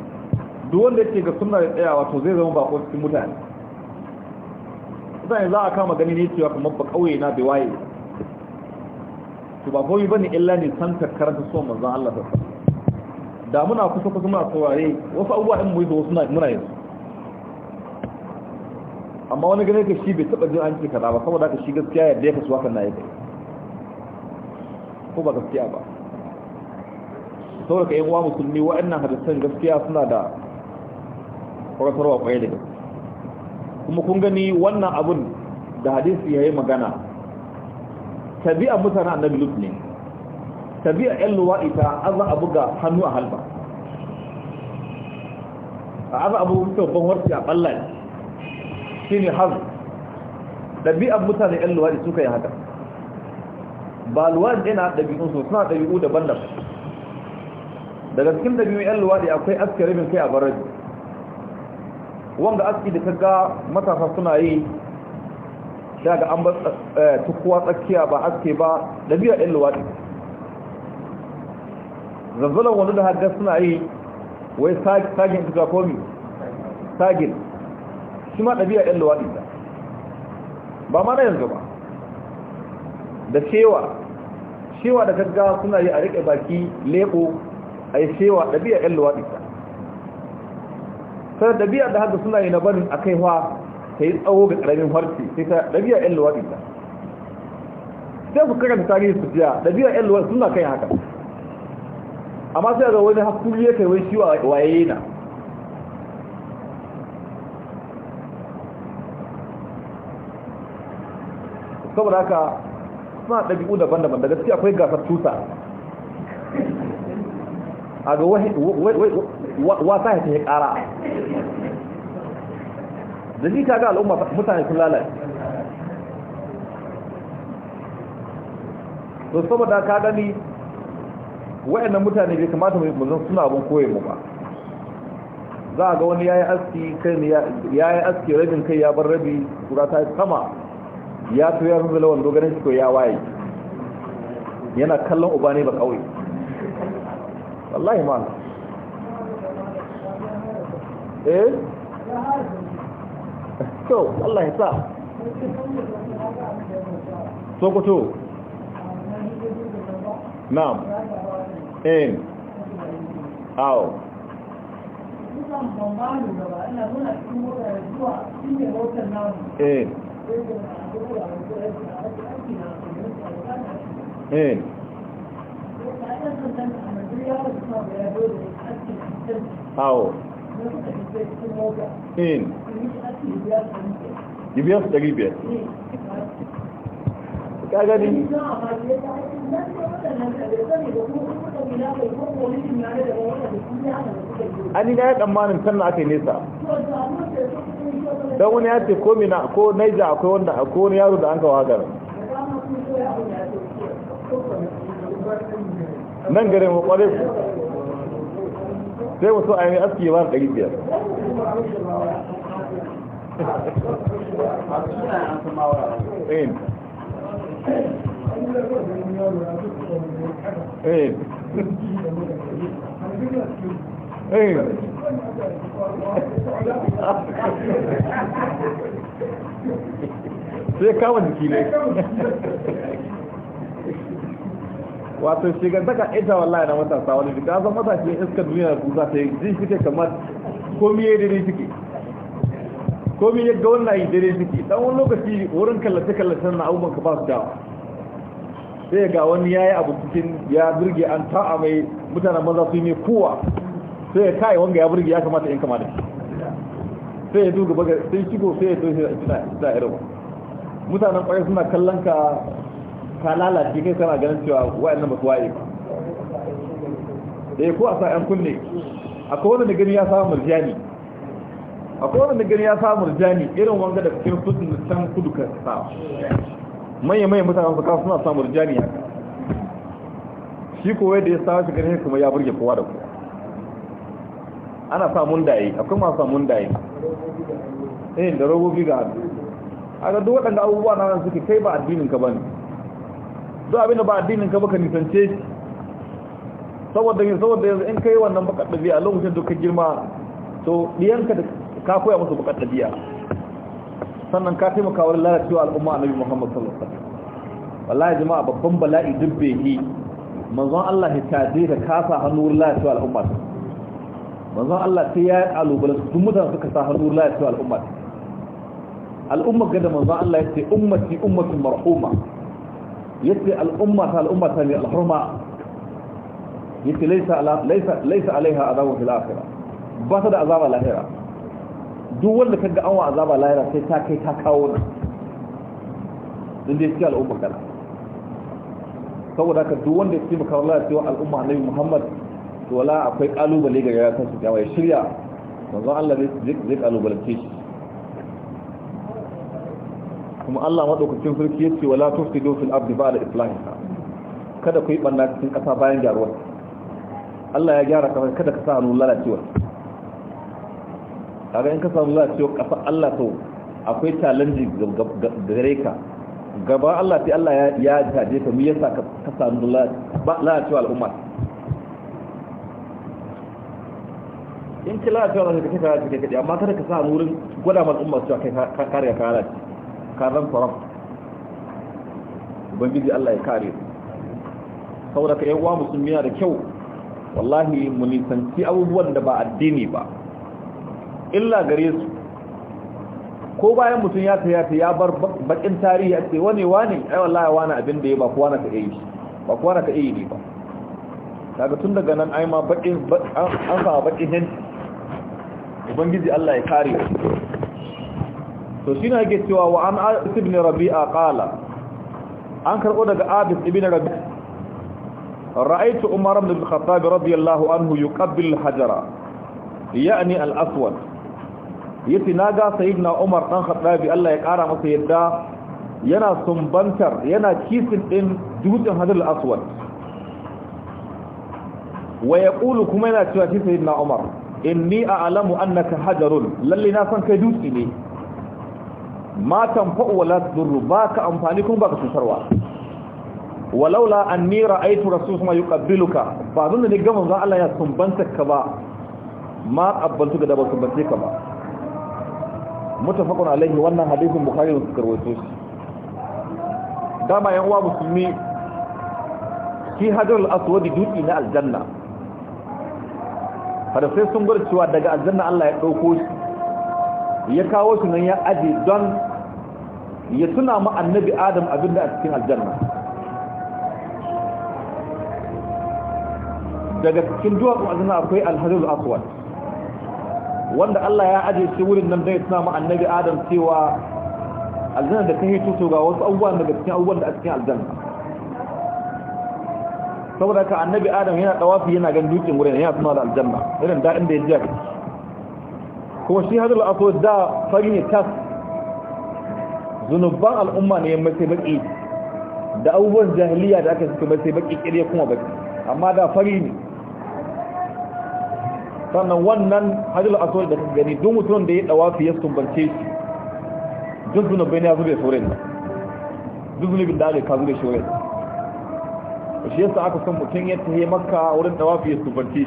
duk wanda yake ga sunna da tsaya wato zai zama bako cikin mutane mutane za a kama gani ne cewa kamar ba kauye na bai waye to ba kawai bane illa ne san karanta so manzon Allah ta da muna kusa kusa muna saurare wasu abubuwa ɗin muyi da wasu na muna yanzu amma wani gane ka shi bai taɓa jin an ce kaza ba saboda ka shi gaskiya yadda ya kasuwa kan na yi ko ba gaskiya ba saboda yi wa musulmi waɗannan hadisan gaskiya suna da faratarwa kwaye da gaske kuma kun gani wannan abun da hadisi yi magana tabi'a mutane nan lut ne tabi'a yan luwa'i ta za abu ga hannu a halba a aza abu mutum banwarci a a ballan ne hazu ɗabi'an mutane yan luwa'i suka yi haka ba luwa'i yana ɗabi'unsu suna ɗabi'u daban-daban daga cikin dabi'un yan luwaɗi akwai askari rabin kai a baraji wanda aski da kaga matasa suna yi daga an ba eh, tukuwa tsakiya ba aske ba dabi'a yan luwaɗi zanzalar wanda da hajjar suna yi wai sagin tuka komi sagin shi ma ɗabi'a yan luwaɗi ba ma na yanzu ba da cewa cewa da gaggawa suna yi a riƙe baki lebo a yi cewa ‘yan luwaɗi ta sai dabi'a da haka suna yi na barin a kai kaiwa ta yi tsawo ga ƙaramin harfi sai ta dabi'a ‘yan luwaɗi ta sai ku karanta tarihi su jiya dabi'a ‘yan luwaɗi suna kai haka amma sai ga wani hakuri ya kai wani shi waye na saboda haka suna ɗabi'u daban-daban da gaske akwai gasar tusa a ga wasa ya ta ya ƙara da ji ka ga al'umma mutane sun lalace to saboda ka gani wa'annan mutane bai kamata mu zan suna abin koyi mu ba za a ga wani yayi aski kai yayi aski rabin kai ya bar rabi kura ta sama ya to ya rubuta lawan dogaran shi ko ya waye yana kallon uba ne ba kawai wallahi ma eh to Allah ya sa sokoto na'am eh awo eh eh awo in yi su ɗari biyar an yi na ya ɗammanin can na aka yi nesa don wani ya ce ko naija akwai wanda akwai wani yaro da an kawo hagarin nan kware kwarai sai wasu a aski ba ɗari biyar sai kawo jiki ne wato shigantaka ita wallahi na matasa wani duka zan matashi ya iska duniya da kusa ta yi ji suke kamar komi ya dare suke komi ya ga wannan yi dare suke dan wani lokaci wurin kallace kallace na abubuwan ka ba su dawa sai ga wani ya yi abu cikin ya birge an ta'a mai mutanen maza su yi mai kowa sai ya kai wanga ya birge ya kamata in kama da shi sai ya duga baga sai shigo sai ya doshi da irin mutanen kwarai suna kallon ka Ka lalace kai kana ganin cewa wa'annan ba su waye ba ya eh, ko a sa yan kunne A kowane da gani ya samu murjani A kowane da gani ya samu murjani irin wanga da cikin sutun can kudu ka sa manya manya mutanen su kawo suna samu murjani haka shi kowai da ya sa shi ganin kuma ya burge kowa da kowa ana sa mundaye akwai masu sa mundaye eh da robobi ga hannu a ga duk waɗanda abubuwa na nan suke kai ba addinin ka ba ne. duk abin da ba addinin ka baka nisance shi saboda yin saboda yanzu in kai wannan baka a lokacin da ka girma to diyanka da ka koya musu baka dabi'a sannan ka taimaka wa cewa al'umma annabi Muhammad sallallahu alaihi wasallam wallahi jama'a babban bala'i bai yi manzon Allah ya tade da kasa hannu lalacewa al'umma manzon Allah sai ya alubala su mutan suka sa hannu lalacewa al'umma al'umma ga da manzon Allah ya ce ummati ummatun marhuma yace al'ummata, al'ummata al'umma ta ne alhurma yace laysa ala laysa laysa alaiha azabu fil akhirah ba ta da azaba lahira duk wanda kaga an wa azaba lahira sai ta kai ta kawo ne din da yake al'umma kana saboda ka duk wanda yake maka wallahi wa al'umma annabi Muhammad to wala akwai kalubale ga ya san su ya shirya manzon Allah zai zai kalubalance shi kuma Allah madaukakin sarki yace wala tufsidu fil ardi ba'da islahiha kada ku yi banna cikin kasa bayan gyaruwa Allah ya gyara kafa kada ka sa hannu lalacewa kaga in ka samu lalacewa kasa Allah to akwai challenge gare ka gaba Allah sai Allah ya jaje ka mu yasa ka sa hannu lalacewa al'umma in ki lalacewa na ka kai ka amma kada ka sa hannu wurin gwada al'umma cewa kai ka kare ka lalace karan kwaram ubangiji Allah ya kare saboda ka yawa musulmi yana da kyau wallahi mu nisanci abubuwan da ba addini ba illa gare su ko bayan mutum ya tayata ya bar bakin tarihi a ce wani wani, ai wallahi wani abin da ya ba kuwa na ka yi ba kuwa na ka yi ne ba daga tun daga nan ai ma bakin an fa bakin hin ubangiji Allah ya kare to shi na yake cewa wa an ibn rabi'a qala an karbo daga abis ibn rabi'a ra'aytu umar ibn al-khattab radiyallahu anhu yuqabbil hajara ya'ni al-aswad yati naga Sayyidna umar dan khattabi Allah ya kara masa yadda yana sumbantar yana kisin din dutsen hajar al-aswad wa yaqulu kuma yana cewa sayyidna umar inni a'lamu annaka hajarun lalle na san kai dutse ne matan fa'uwala duru ba ka amfani kuma ba ka cutarwa walaula an ni ra'aitu rasul kuma yi ka. ba zan ne gama za Allah ya sumbanta ka ba ma ƙabbantu ga dabar sumbance ka ba mutafakun alaihi wannan hadisin bukari da karwato shi dama yan uwa musulmi ki hajar al'aswadi dutse na aljanna har sai sun gwada cewa daga aljanna Allah ya ɗauko shi ya kawo shi nan ya aje don ya tuna mu annabi adam abinda a cikin aljanna daga cikin duwatsun aljanna akwai alhazirul aswad wanda Allah ya aje shi wurin nan don ya tuna mu annabi adam cewa aljanna da ta yi to ga wasu abubuwan daga cikin abubuwan da a cikin aljanna saboda ka annabi adam yana tawafi yana gan dukin wurin yana tuna da aljanna irin da da ya ji kuma shi hajjul al'afo da fari ne tas zunubban al'umma ne mace sai baki da abubuwan jahiliya da aka suke mai baki kirya kuma baki amma da fari ne sannan wannan hajjul al'afo da ta gani duk mutum da ya dawa fiye ya sumbance shi duk zunubban ya zube saurin nan duk zunubin da aka zube ne shi yasa aka san mutum ya tahe maka wurin dawa fiye sun bance shi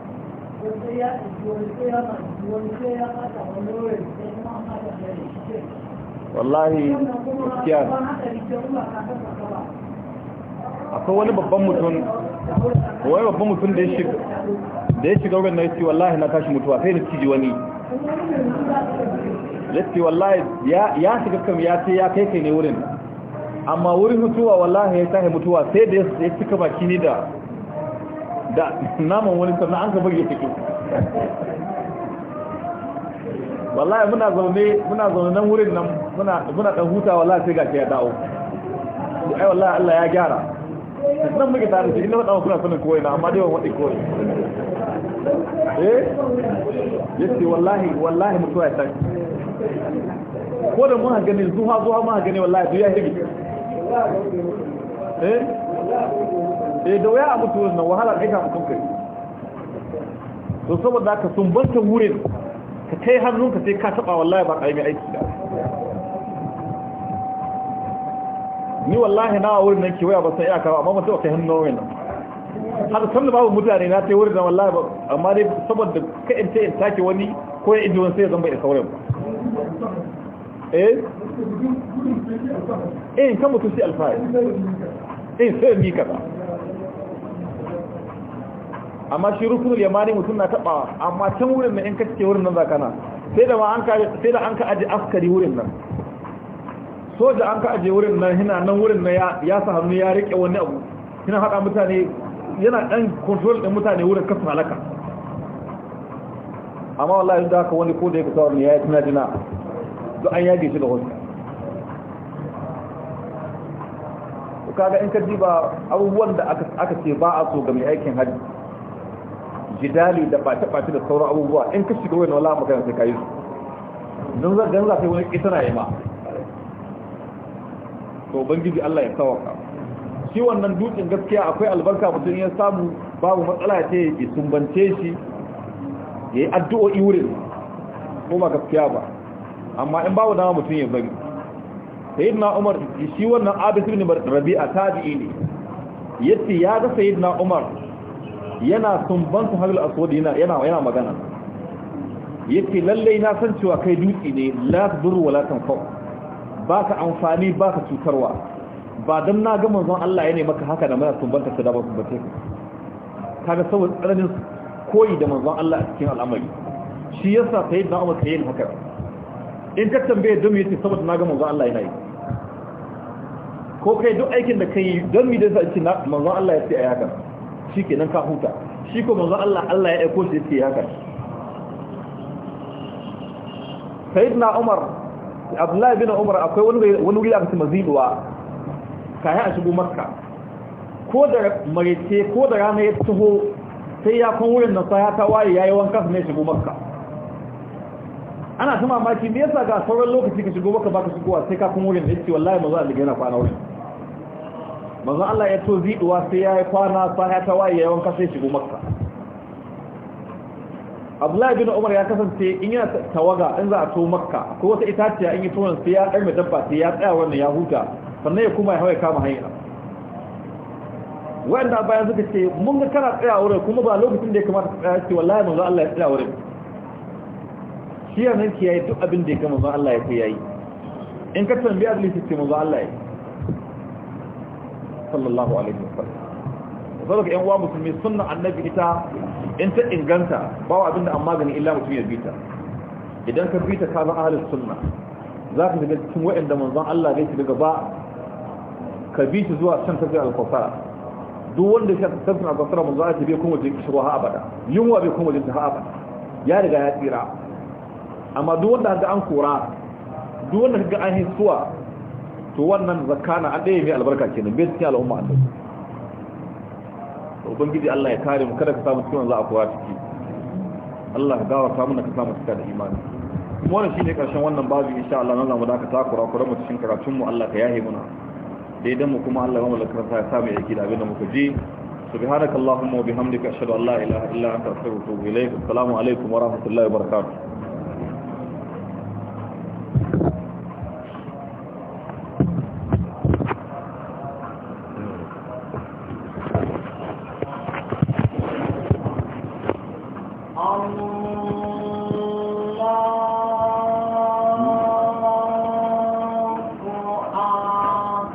wurin wallahi gaskiya akwai wani babban mutum wani babban mutum da ya shiga da ya shiga yace wallahi na tashi mutuwa sai da ciji wani yace wallahi ya shiga kam ya ce ya kai kai ne wurin amma wurin mutuwa wallahi ya tashi mutuwa sai da ya cika baki ne da da naman wani sannan an ka bage take wallahi muna zaune muna zaune nan wurin nan muna muna dan huta wallahi sai gashi ya dawo ai wallahi Allah ya gyara nan muke tare shi inda wadawa kuna sanin koyi na amma dai wani koyi eh yace wallahi wallahi mutuwa ya tashi ko da mun ga ne zuwa, zuwa mun ga ne wallahi duk ya hirgi eh sai eh, da waya a mutu wannan wahala da ka mutum kai to saboda ka banta wurin ka kai hannunka sai ka taba wallahi ba kai mai aiki da ni wallahi na wurin nan ke waya ba san iyaka ba amma mutum kai hannun wurin nan har san da babu mutane na sai wurin nan wallahi ba amma dai saboda ka in in take wani ko in ji sai ya zan bai sauran ba eh eh kan mutum sai alfahari eh sai mika ba amma shi rukunul yamani mutum na tabawa amma can wurin nan in ka cike wurin nan zakana sai da an ka sai da an ka aje askari wurin nan soja an ka aje wurin nan hina nan wurin nan ya ya sa hannu ya rike wani abu hina hada mutane yana dan control din mutane wurin kasu halaka amma wallahi da haka wani ko da yake tsawon ya yi tuna jina to an yage shi da wasu kaga in ka ji ba abubuwan da aka ce ba a so ga mai aikin hajji jidali da ba taɓa da sauran abubuwa in ka shiga wani wala magana sai ka yi su don za ganza sai wani ƙisana ya ma to bangiji Allah ya sawaka shi wannan dutsen gaskiya akwai albarka mutum ya samu babu matsala ce ya sumbance shi ya yi addu'o'i wurin ko ba gaskiya ba amma in babu dama mutum ya bari sayyidina umar shi wannan abis ibn rabi'a tabi'i ne yace ya ga sayyidina umar yana sumbantu hajjul aswad yana yana magana yace lalle na san cewa kai dutse ne la dur wala tanfa ka amfani ba ka cutarwa ba dan na ga manzon Allah yana maka haka da mana sumbanta ta da ba ku. bace kaga saboda tsananin koyi da manzon Allah a cikin al'amari shi yasa sai da Umar kai haka in ka tambaye dumi yace saboda na ga manzon Allah yana yi ko kai duk aikin da kai don mi da sa ina manzon Allah ya ce a haka shi kenan ka huta shi ko manzo Allah Allah ya aiko shi yake haka sayyidina Umar Abdullahi bin Umar akwai wani wani wuri aka tuma ziduwa kai a shigo Makka ko da marece ko da rana ya taho sai ya kon wurin nan sai ta waye yayi wanka ne shigo Makka ana ta mamaki me yasa ga sauran lokaci ka shigo Makka ka shigo sai ka kon wurin ne ce wallahi manzo Allah yana kwana wurin manzo Allah ya to ziduwa sai ya yi kwana sai ta waye yawan wanka shi shigo makka Abdullahi bin Umar ya kasance in yana tawaga in za a to makka ko wata itaciya in yi tuwon sai ya karme dabba sai ya tsaya wannan ya huta sannan ya kuma ya hawa kama hanya wanda bayan suka ce mun ga kana tsaya wurin kuma ba lokacin da ya kamata ka tsaya ce wallahi manzo Allah ya tsaya wurin shi nan ki yayi duk abin da ya kama manzo Allah ya kai yayi in ka tambaya Iblis ce manzo Allah ya yi sallallahu alaihi wasallam saboda yan uwa musulmi sunna annabi ita in ta inganta ba wa abinda an magani illa mutum ya bita idan ka bita ka zan ahlus sunna za ka shiga cikin wa'anda manzon Allah ne daga ba ka bi zuwa zuwa ta tafiyar kafara duk wanda ya ta tafiyar kafara manzon Allah bai kuma jin kishirwa ha abada yunwa bai kuma jin ta ha abada ya riga ya tsira amma duk wanda ga an kora duk wanda ga an hisuwa to wannan zakana an ɗaya mai albarka kenan bai cikin al'umma an dauki ubangiji Allah ya kare mu kada ka samu cikin za a kowa ciki Allah ka gawa samu na ka samu cika da imani kuma wannan shine karshen wannan babu insha Allah nan zamu dakata takura kura mu cikin karatun mu Allah ka yahe muna daidan mu kuma Allah ya mu lakarta ya samu yaki da abinda muka ji subhanakallahumma wa bihamdika ashhadu an la ilaha illa anta astaghfiruka wa atubu ilaik assalamu alaikum wa rahmatullahi wa barakatuh